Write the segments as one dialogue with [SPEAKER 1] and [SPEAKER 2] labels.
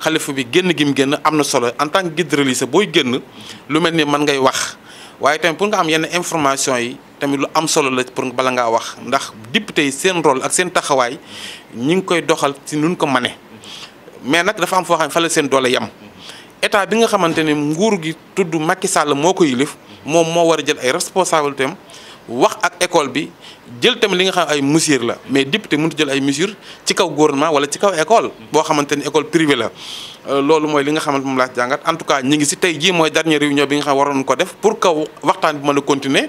[SPEAKER 1] xalifa bi génn gi mu génn am na solo en tant que booy génn lu mel ni man ngay wax waaye tamit pour nga am yenn information yi tamit lu am solo la pour bala ngaa wax ndax député tey seen rôle ak seen taxawaay ñi ngi koy doxal ci nuñ ko mane mais nag dafa am foo xam ne seen doole yem état bi nga xamante ne nguur gi tudd Macky Sall moo ko yilif moom moo war a jël ay responsabilités wax ak école bi jël tamit li nga xam ay mesures la mais député mënut jël ay mesures ci kaw gouvernement wala ci kaw école boo xamante ni école privée la euh, loolu mooy li nga xamante moom laa jàngat en tout cas ñi ngi si tey jii mooy dernière réunion bi nga xam waroon ko def pour kaw waxtaan bi mën a continuer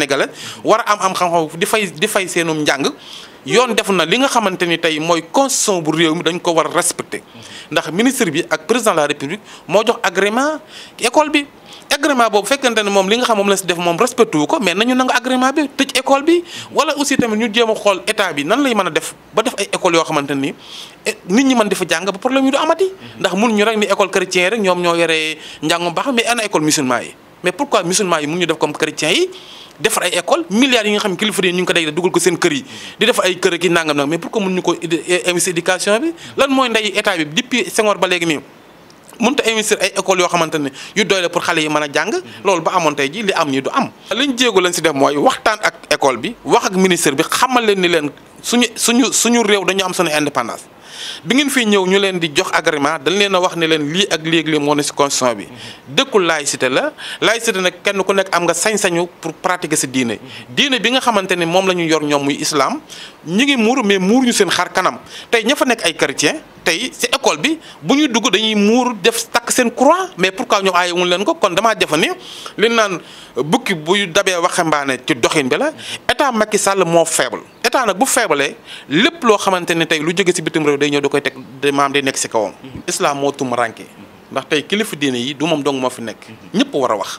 [SPEAKER 1] sénégalais war am am xam-xam di fay di fay senum njàng yoon def na li nga xamanteni tay moy constitution bu rew mi dañ ko war respecter ndax ministre bi ak président de la république mo jox agrément école bi agrément bobu fekkante ni mom li nga xam mom la si def mom respecte wu ko mais nañu nang agrément bi tej école bi wala aussi tamit ñu jéem xol état bi nan lay mëna def ba def ay école yo xamanteni eh, nit ñi mën di jang ba problème yu du amati ndax mun ñu rek ni école chrétien rek ñom ñoo yéré njàngum baax mais ana école musulman yi mais pourquoi les yi def comme chrétiens yi ay école milliards yi nga xam kilifa ñu ko day fait ko seen yi di def ay mais pourquoi ils ko eh, eh, éducation bi depuis ba mënut a investir ay école yoo xamante ne yu doy la pour xale yi mën a jàng loolu ba amoon tey ji li am ñi du am liñ jéego lañ si def mooy waxtaan ak école bi wax ak ministre bi xamal leen ni leen suñu suñu suñu réew dañu am suñu indépendance bi ngeen fii ñëw ñu leen di jox agrément dañ leen a wax ne leen lii ak lii ak lii moo ne si constitution bi dëkkul laïcité la laay laïcité nag kenn ku nekk am nga sañ-sañu pour pratiquer si diine diine bi nga xamante ne moom la ñu yor ñoom muy islam ñi ngi muur mais muur ñu seen xar kanam tey ña fa nekk ay chrétien tey ci école bi bu ñuy dugg dañuy muur def takk seen courant mais pour pourquoi ñu aayewuñ leen ko kon damaa defa ni li naan bukki buy dabee waxambaane ci doxin bi la état Macky Sall moo faible état nag bu faible lépp loo xamante ni tey lu jóge si bitim réew day ñëw da koy teg maam day nekk ci kawam. islam moo tum ranke ndax tey kilifa diine yi du moom dong moo fi nekk ñëpp war a wax.